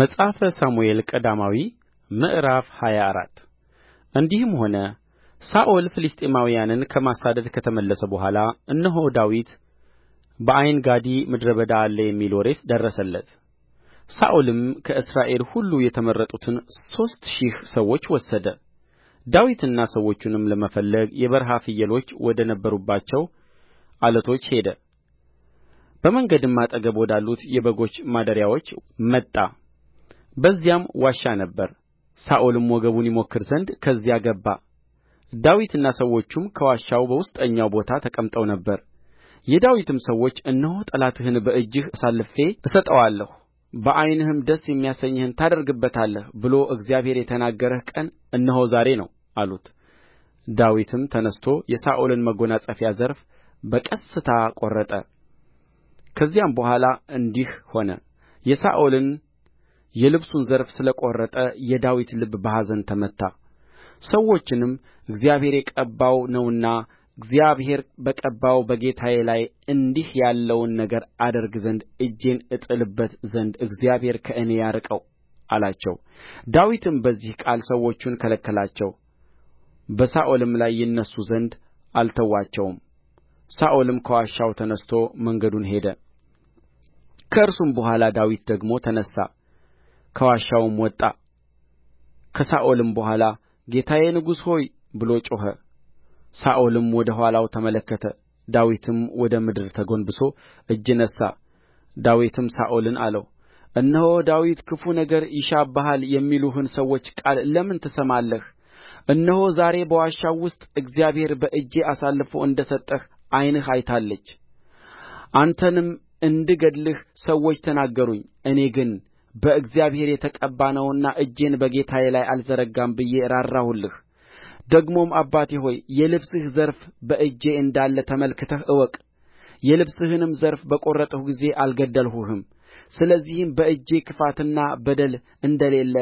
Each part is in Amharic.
መጽሐፈ ሳሙኤል ቀዳማዊ ምዕራፍ ሃያ አራት እንዲህም ሆነ ሳኦል ፍልስጥኤማውያንን ከማሳደድ ከተመለሰ በኋላ እነሆ ዳዊት በዓይንጋዲ ምድረ በዳ አለ የሚል ወሬ ደረሰለት። ሳኦልም ከእስራኤል ሁሉ የተመረጡትን ሦስት ሺህ ሰዎች ወሰደ። ዳዊትና ሰዎቹንም ለመፈለግ የበረሃ ፍየሎች ወደ ነበሩባቸው ዓለቶች ሄደ። በመንገድም አጠገብ ወዳሉት የበጎች ማደሪያዎች መጣ። በዚያም ዋሻ ነበረ ሳኦልም ወገቡን ይሞክር ዘንድ ከዚያ ገባ ዳዊትና ሰዎቹም ከዋሻው በውስጠኛው ቦታ ተቀምጠው ነበር የዳዊትም ሰዎች እነሆ ጠላትህን በእጅህ አሳልፌ እሰጠዋለሁ በዓይንህም ደስ የሚያሰኝህን ታደርግበታለህ ብሎ እግዚአብሔር የተናገረህ ቀን እነሆ ዛሬ ነው አሉት ዳዊትም ተነሥቶ የሳኦልን መጐናጸፊያ ዘርፍ በቀስታ ቈረጠ ከዚያም በኋላ እንዲህ ሆነ የሳኦልን የልብሱን ዘርፍ ስለ ቈረጠ የዳዊት ልብ በኀዘን ተመታ ሰዎችንም እግዚአብሔር የቀባው ነውና እግዚአብሔር በቀባው በጌታዬ ላይ እንዲህ ያለውን ነገር አደርግ ዘንድ እጄን እጥልበት ዘንድ እግዚአብሔር ከእኔ ያርቀው አላቸው ዳዊትም በዚህ ቃል ሰዎቹን ከለከላቸው በሳኦልም ላይ ይነሡ ዘንድ አልተዋቸውም ሳኦልም ከዋሻው ተነሥቶ መንገዱን ሄደ ከእርሱም በኋላ ዳዊት ደግሞ ተነሣ ከዋሻውም ወጣ ከሳኦልም በኋላ ጌታዬ ንጉሥ ሆይ ብሎ ጮኸ ሳኦልም ወደ ኋላው ተመለከተ ዳዊትም ወደ ምድር ተጐንብሶ እጅ ነሣ ዳዊትም ሳኦልን አለው እነሆ ዳዊት ክፉ ነገር ይሻብሃል የሚሉህን ሰዎች ቃል ለምን ትሰማለህ እነሆ ዛሬ በዋሻው ውስጥ እግዚአብሔር በእጄ አሳልፎ እንደ ሰጠህ ዐይንህ አይታለች አንተንም እንድገድልህ ሰዎች ተናገሩኝ እኔ ግን በእግዚአብሔር የተቀባ ነውና እጄን በጌታዬ ላይ አልዘረጋም ብዬ ራራሁልህ ደግሞም አባቴ ሆይ የልብስህ ዘርፍ በእጄ እንዳለ ተመልክተህ እወቅ የልብስህንም ዘርፍ በቈረጥሁ ጊዜ አልገደልሁህም ስለዚህም በእጄ ክፋትና በደል እንደሌለ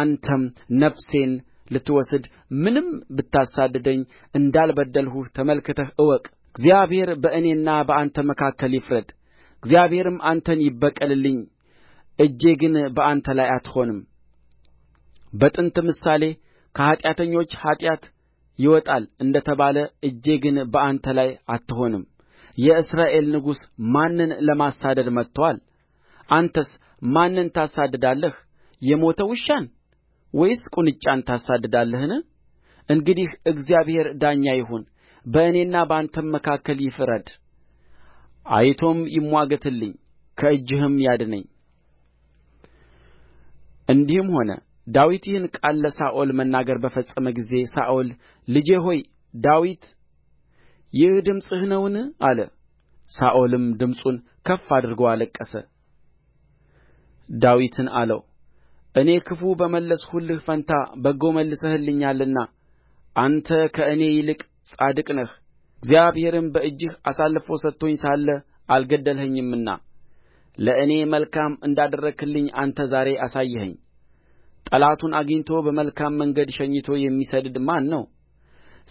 አንተም ነፍሴን ልትወስድ ምንም ብታሳድደኝ እንዳልበደልሁህ ተመልክተህ እወቅ እግዚአብሔር በእኔና በአንተ መካከል ይፍረድ እግዚአብሔርም አንተን ይበቀልልኝ እጄ ግን በአንተ ላይ አትሆንም በጥንት ምሳሌ ከኃጢአተኞች ኃጢአት ይወጣል እንደ ተባለ እጄ ግን በአንተ ላይ አትሆንም የእስራኤል ንጉሥ ማንን ለማሳደድ መጥቶአል አንተስ ማንን ታሳድዳለህ የሞተ ውሻን ወይስ ቁንጫን ታሳድዳለህን እንግዲህ እግዚአብሔር ዳኛ ይሁን በእኔና በአንተም መካከል ይፍረድ አይቶም ይምዋገትልኝ ከእጅህም ያድነኝ እንዲህም ሆነ ዳዊት ይህን ቃል ለሳኦል መናገር በፈጸመ ጊዜ ሳኦል ልጄ ሆይ ዳዊት ይህ ድምፅህ ነውን አለ ሳኦልም ድምፁን ከፍ አድርጎ አለቀሰ ዳዊትን አለው እኔ ክፉ በመለስሁልህ ፋንታ በጎ መልሰህልኛልና አንተ ከእኔ ይልቅ ጻድቅ ነህ እግዚአብሔርም በእጅህ አሳልፎ ሰጥቶኝ ሳለ አልገደልኸኝምና ለእኔ መልካም እንዳደረግህልኝ አንተ ዛሬ አሳየኸኝ ጠላቱን አግኝቶ በመልካም መንገድ ሸኝቶ የሚሰድድ ማን ነው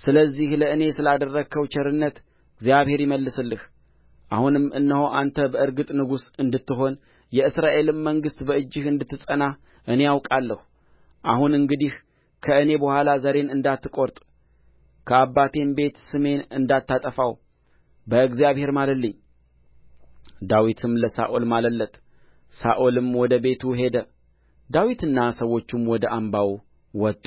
ስለዚህ ለእኔ ስላደረግኸው ቸርነት እግዚአብሔር ይመልስልህ አሁንም እነሆ አንተ በእርግጥ ንጉሥ እንድትሆን የእስራኤልም መንግሥት በእጅህ እንድትጸና እኔ አውቃለሁ አሁን እንግዲህ ከእኔ በኋላ ዘሬን እንዳትቈርጥ ከአባቴም ቤት ስሜን እንዳታጠፋው በእግዚአብሔር ማልልኝ ዳዊትም ለሳኦል ማለለት ሳኦልም ወደ ቤቱ ሄደ ዳዊትና ሰዎቹም ወደ አምባው ወጡ